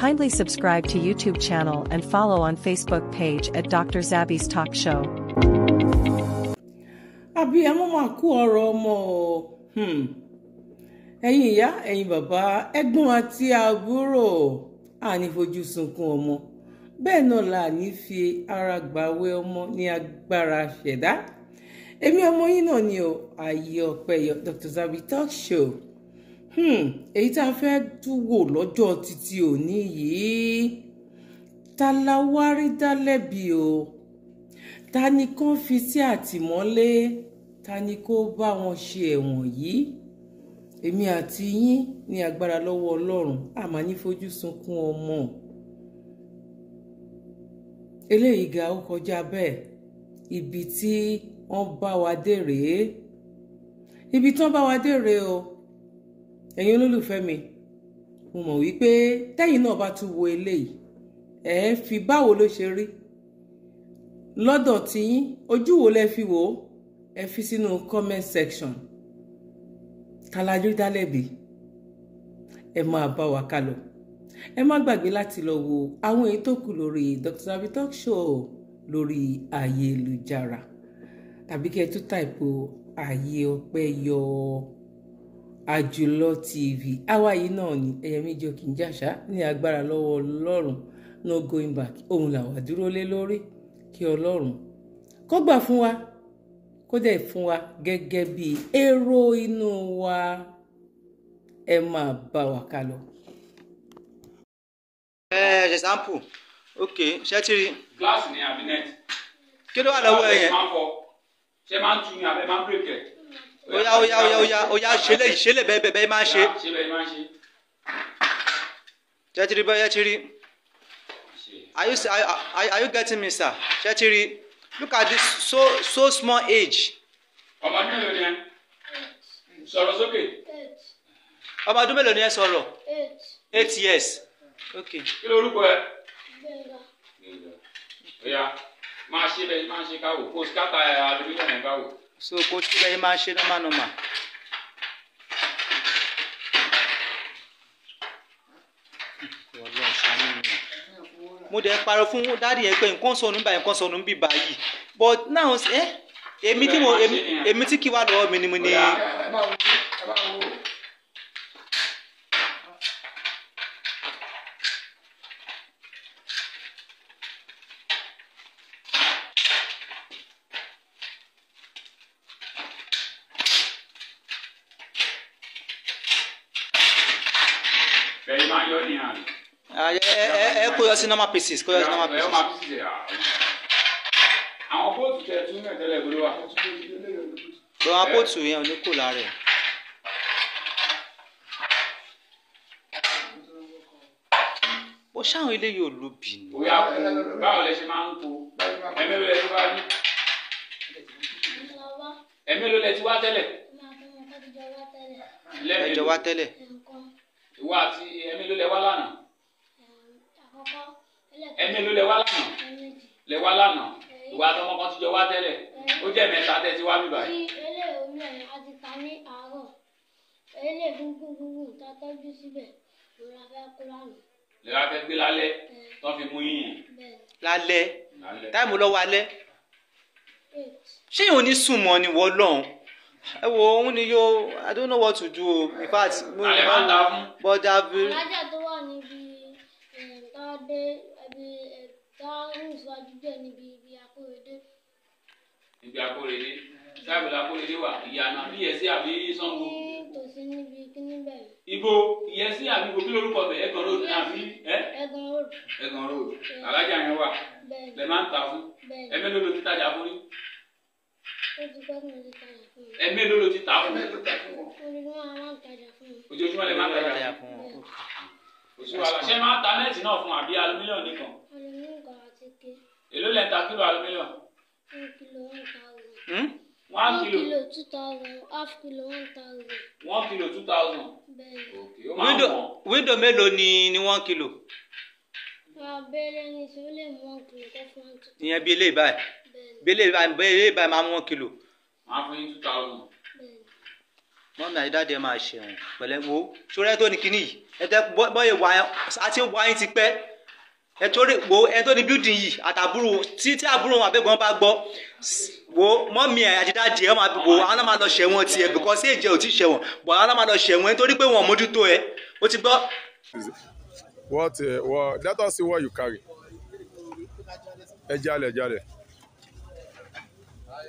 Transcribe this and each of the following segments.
Kindly subscribe to YouTube channel and follow on Facebook page at Dr. Zabby's Talk Show. abiyamọ máa kú ọ̀rọ̀ ọmọ hmm. ẹ̀yin ìyá ẹ̀yin bàbá ẹ̀gbọ́n àti àbúrò àní fojú sunkún ọmọ bẹ́ẹ̀ náà là ní fi ara gbàwé ọmọ ní agbára ṣẹ̀dá èmi ọmọ yín náà ni o ayé ọpẹyọ Dr. Zabby Talk Show. Hmm, èyí tá a fẹ́ tún wò lọ́jọ́ títí òní yìí ta la wá rí dálẹ́bi o ta ni kán fi sí àtìmọ́lé ta ni kó bá wọn ṣe ẹ̀wọ̀n yìí èmi àti yín ní agbára lọ́wọ́ ọlọ́run àmà ní fojú sunkún ọmọ eléyìí ga ó kọjá bẹ́ẹ̀ ibi tí wọ́n bá wa dé rèé ibi tí wọ́n bá wa dé rèé o ẹ̀yin olólùfẹ́ mi mo mọ̀ wípé tẹ́yìn náà bá tún wo eléyìí ẹ̀ ń fi báwo ló ṣe rí lọ́dọ̀ tiyín ojú wo lẹ fi wò ó ẹ fi sínú comment section tàlàjú dálẹ́bi ẹ máa bá wa kálọ ẹ má gbàgbé láti lọ wo àwọn èyí tó kù lórí Dr. Zabby Talk Show lórí ayélujára tàbí kí ẹ tún tàìpò ayé ọpẹ́ yọ ọ àjùlọ tv àwa yìí náà ni ẹyẹ méjì ò kì í jàṣá ní agbára lọ́wọ́ ọlọ́run no going back òun làwa dúró lé lórí kí ọlọ́run kó gbà fún wa kó dẹ̀ fún wa gẹ́gẹ́ bí èrò inú wa ẹ máa bá wa ká lọ. ẹ ẹ ṣe sampo ok ṣe ti rí. gíláàsì ni àbínẹ́ẹ̀tì. kí ló wà lọ́wọ́ ẹ yẹn. ṣe máa ń tu ni àbẹ máa ń bírèkì oya oya oya oya oya ṣẹlẹ̀ ṣẹlẹ̀ bẹ́ẹ̀ bẹ́ẹ̀ máa ṣe ṣẹtiri bẹ́ẹ̀ ṣẹtiri are you are, are you getting me sir ṣẹtiri look at this so so small age. How many years? Eight. ẹ sọ̀rọ̀ sókè. ọmọ ọdún mélòó ni ẹ eight years. okay. kí ló orúkọ ẹ. oya máa ṣe bẹ́ẹ̀ máa ṣe káwò kó scatter eh, ẹ aluminium ẹ so kó tí bẹ́ẹ̀ máa ṣe normal normal. mo dẹ̀ parọ́ fún dáàdi ẹ pé nǹkan sọnù báyìí nǹkan sọnù bíbá yìí but now ẹ eh, èmi tí kí wá lọ́wọ́ mi ni ẹ kó yọ sí normal pieces kó yọ sí normal pieces. àwọn kóòtù tẹ tún náà tẹ́lẹ̀ gbọ́dọ̀ wà. bọ̀ àwọn kóòtù yẹn ò ní kó lára ẹ̀. bó ṣáwọn ilé yóò ló bì ní. bóyá kú báwo lẹ ṣe máa ń kó ẹ̀mí ló lẹ ti wá ní. ẹ̀mí ló lẹ ti wá tẹ́lẹ̀. ẹ̀jọ̀ wá tẹ́lẹ̀ ìwọ àti ẹ̀mí ló lẹ wá lánàá. ẹ̀mí ló lẹ wá lánàá. lẹ wá lánàá. ìwọ àti ọmọ kan ti jọ wá tẹ́lẹ̀. ó jẹ́ mẹ́ta tẹ́ ti wá bí báyìí. kí ilé omi ẹ̀ àti ta ní àárọ̀ ilé gúngún gúngún ta tọ́jú síbẹ̀ ló la fẹ́ kó lánàá. lè fẹ́ gbé lálẹ́ tó fi mú yín. lálẹ́ táìmù lọ́wọ́ alẹ́ ṣé ìhun ní sùn ni wọ́n lọ́hùn ẹ òun ni yóò i don't know what to do o in fact mo ní ma wo but abi. alájà tó wà níbi eh, tọ́dé ẹbí eh, tọ́hún ìsọjú jẹ́ níbi ibi akóredé. ibi akóredé sáàbì lakóredé wà ìyànà àbí yẹsí àbí sango. ní tòsí níbi kíní bẹ́ẹ̀. ibo yẹsí àbí ibo kí lórúkọ bẹ ẹgàn road àbí ẹ. ẹgàn road ẹgàn road eh. alájà yẹn wà lẹ máa ń ta fún ẹ mélòó ló ti tajà fún yín ẹ mélòó ló ti tà fún ojoojúmọ́ lè má tajà fún wọn oṣù wàhálà ṣé máa ta nẹ́ẹ̀tì náà fún àbí alumílíọ̀nù nìkan èló lẹ́ ń ta kílò alumílíọ̀nù. Hmm? one kilo two thousand half kilo one thousand. one kilo two thousand. bẹ́ẹ̀ni. wíńdò mélòó ni ni one kilo. abẹ́rẹ́ ni tí ó lè mú one kilo tó fún one two. ìyẹn bí eléyìí báyìí bẹ́lẹ̀ bẹ́lẹ̀ báyìí máa mú wọn kìlò. máa fún yín two thousand. mọ́mí àdídáde máa ṣẹ̀wọ̀n pẹ̀lẹ́ wo ṣọ́rẹ́ tó ní kinní yìí ẹ tẹ́ bọ́yẹ̀ wà àti wà yín ti pẹ́ ẹ torí wo ẹ tó ní bíldìn yìí àtàbúrò tí tí àbúrò wọn àbẹ̀gbọ́n bá gbọ́ wo mọ́mí àdídáde ẹ máa wo àwọn náà máa lọ ṣẹ̀wọ̀n tiẹ̀ because èjẹ ò tí ṣẹ̀wọ̀n bọ̀ àwọn náà máa lọ ṣẹ̀wọ̀n nítorí pé wọn mójútó ẹ ó ti gbọ́. what uh, eh, well, let us see what you carry ẹ jalè jalè ẹ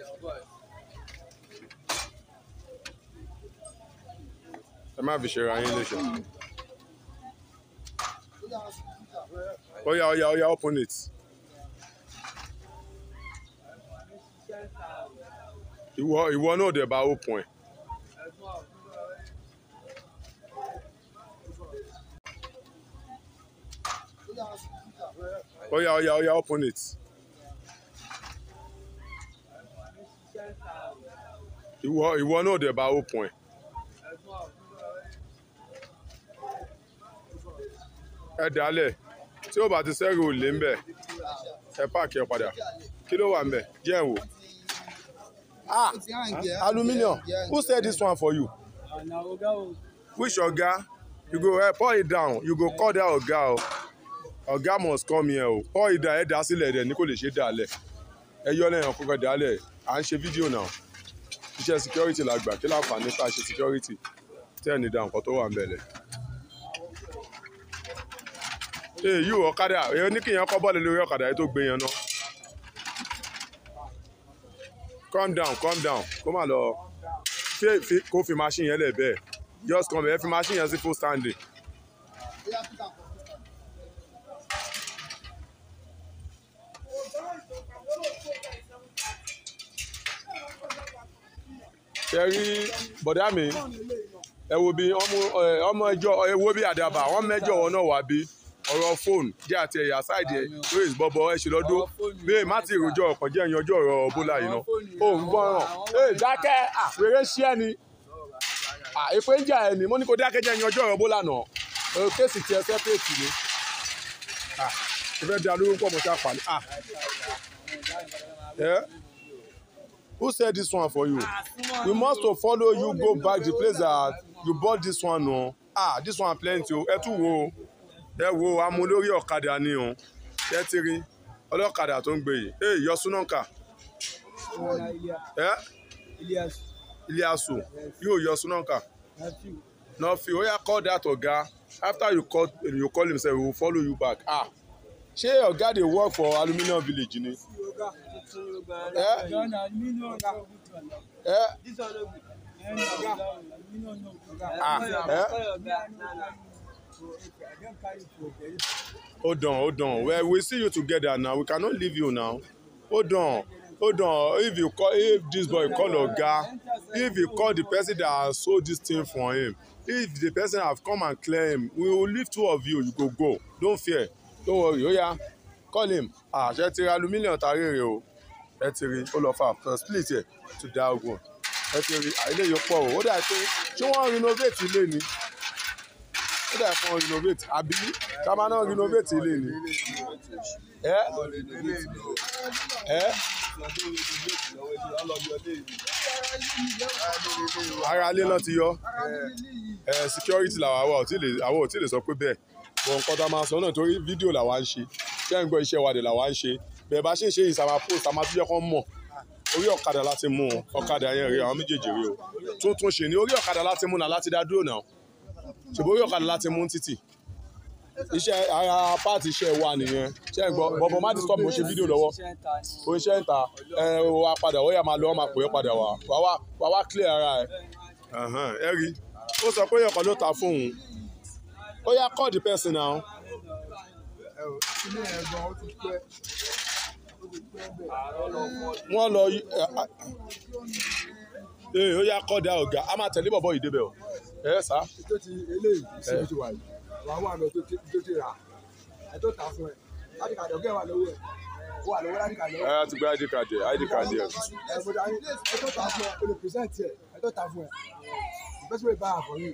má fi ṣera yín léṣe. oya oya oya open it. ìwọ ìwọ náà dẹ̀ bá open ẹ̀. yeah, oya yeah, open it. ìwọ ìwọ náà dẹ̀ bá open ẹ̀. ẹ dálẹ̀ tí ó bá ti sẹ́rù ò lé ń bẹ̀ ẹ páàkì ẹ padà kí ló wà ń jẹ́ ẹ̀ wò. ah aluminium who said this one for you. which oga you go uh, pour it down you go call that oga o oga must come here o pour it down ẹ dá sílẹ̀ ẹ̀ dẹ̀ ní kò lè ṣe dálẹ̀ ẹ yọ lẹ́yìn ọkọ̀ dálẹ̀ à ń ṣe fídíò náà iṣẹ́ security la gbà kí láǹfààní tá a ṣe security tẹ́ ẹ̀ ní da nǹkan tó wà ń bẹ̀lẹ̀. èyí ọ̀kadà èyí ní kí yẹn kọ́ bọ́ọ̀lù lórí ọ̀kadà yìí tó gbé yẹn náà. calm down calm down kó má lọ kó fi machine yẹn lẹ̀ bẹ́ẹ̀ just come ẹ fi machine yẹn sí full standing. ṣe rí bọ̀dá mi ẹ wo bí ọmọ ẹjọ́ ẹ wo bí àdàbà wọ́n mẹ́jọ wọn náà wà bí ọ̀rọ̀ fóònù jẹ́ àti ẹ̀yà sáìdì ẹ̀ lóyèsí bọ́bọ́ ẹ̀ ṣe lọ́dún bẹ́ẹ̀ má ti rojọ́ ọ̀pọ̀ jẹ́ ẹ̀yìn ọjọ́ ọ̀rọ̀ bólà yìí náà ó ń gbọ́ràn ẹ̀ dákẹ́ àpèrè ṣí ẹni èpè ń jà ẹni mo ní kó dákẹ́ jẹ́ ẹ̀yìn ọjọ́ ọ̀rọ̀ bólà náà kéèsì tiẹ̀ sẹ́pẹ̀tì ni ìfẹ́ da lórúkọ mọ́ta pàlẹ́ Who sell this one for you? You ah, must to follow you go back the place that you bought this one o. Ah, this one plenty o. Oh. Ẹ tún wo ẹ wo amúlórí ọ̀kadà ni o. Oh. Ẹ ti rí ọlọ́kadà tó ń gbé yìí. Ee, yọ súnáka. Ẹ Iliasu yóò yọ súnáka. Nọ́ọ̀fì ó yà call that ọ̀gá. After you call, you call himself, he will follow you back. Ah, ṣé ọ̀gá dey work for aluminium village ni? Hold on, hold on. Well, we see you together now. We cannot leave you now. Hold on, hold on. If you call, if this boy call Oga, if you call the person that has sold this thing for him, if the person have come and clear him, we will leave two of you. You go go. Don't fear. Don't worry. Oya, oh, call him. Ah, ṣe ti ra lu mílíọ̀nù o ẹ ti rí ó lọ fa àfihàn split ẹ̀ tó dá ogun ẹ ti rí ilé yìí pọ̀ ó dà pé ṣé wọ́n renovate ilé ni ó dà fún renovate àbí ká máa náà renovate ilé ni ẹ ẹ ara ilé náà ti yọ security làwọn àwa ò tí lè sọ pé bẹ́ẹ̀ bọ̀ nǹkan tá a máa sọ náà torí fídíò làwa ń ṣe kẹ́ ń gbọ́ iṣẹ́ wa dẹ̀ làwa ń ṣe bẹ́ẹ̀ bá ṣe ṣe ìsàmà post àmà tó yẹ kán mọ̀ orí ọ̀kadà láti mú un ọ̀kadà yẹn rí àwọn méjèèjì rí o tuntun ṣe ni orí ọ̀kadà láti mú un náà láti dá dúró náà ṣùgbọ́n orí ọ̀kadà láti mú un títì iṣẹ́ ara pààtì iṣẹ́ wa nìyẹn ṣe ń gbọ́ bọ̀bọ̀ má ti stop mo ṣe fídíò lọ́wọ́ o iṣẹ́ ń ta ẹ wá padà ó yà ọmọ àpòyẹ padà wá wá wá clear ara ẹ ẹ rí ó sọ pé ọkọ̀ ló ta fún òun ó yà call the person now wọ́n lọ ee eh, eh, ó yá kọ́dà ọ̀gá a máa tẹ̀lé bọ̀bọ̀ yìí débẹ̀ o ẹ sá. ètò ti eléyìí sí ti wà yìí wà wà lọ tó ti rà ẹ tó fún ẹ láti kàdé ọgẹ́ wà lọ́wọ́ ẹ wà lọ́wọ́ láti kàdé. ẹ ti gba id card ẹ id card ẹ. ẹ tó tà fún ẹ olùpèsè ẹ tó tà fún ẹ ìgbésùn ìbá àfọyín.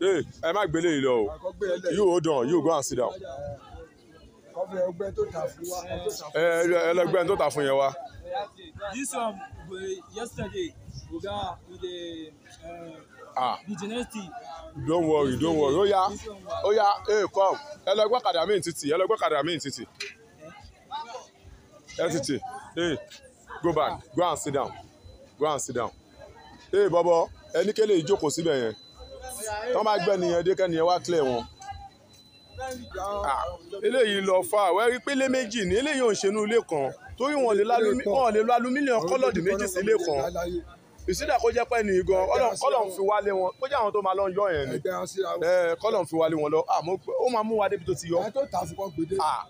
Hey, ẹ má gbélé yìí lọ o. You hold on, you go and sit down. Ẹlẹgbẹ́ tó tà fún yẹn wá. This one yesterday, Oga with the, uh, ah. the genetic. Don't worry, don't worry. Ó yá, ó yá, hey come. Ẹlẹgbẹ́ kàdà mí títì, ẹlẹgbẹ́ kàdà mí títì. Ẹ títì, hey go back, go and sit down, go and sit down. Hey bọ́bọ́, ẹnikẹ́lẹ́ ìjókòó síbẹ̀ yẹn tọ́ bá gbẹ́ nìyẹn dé kẹ́nìyẹn wá clear wọn. Ah, eléyìí lọ fà wẹ́ rí pélé méjì ní eléyìí ò ń ṣe inú ilé kan torí wọn lè lo alumíníọ̀n kọ́lọ̀dì méjì sí ilé kan ìsídà kó jẹ́ pẹ́ ní igan kọ́lọ̀ ń fi wálé wọn kó jẹ́ àwọn tó máa lọ yọ yẹn ni kọ́lọ̀ ń fi wálé wọn lọ ah, ó máa mú wa débi tó ti yọ. Ah,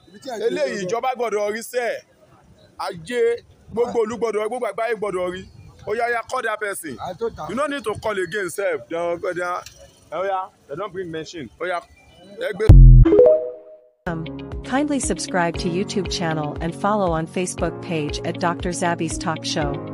eléyìí ìjọba gbọ́dọ̀ rí sẹ́ẹ̀ ajé gbogbo olú gbọ́dọ̀ rí gbogbo àgbáyé gbọ́dọ̀ rí ó yá yá call that person you no need to call again sef Oh yeah, they don't bring machine. Oh yeah. Um, kindly subscribe to YouTube channel and follow on Facebook page at Dr. Zabby's Talk Show.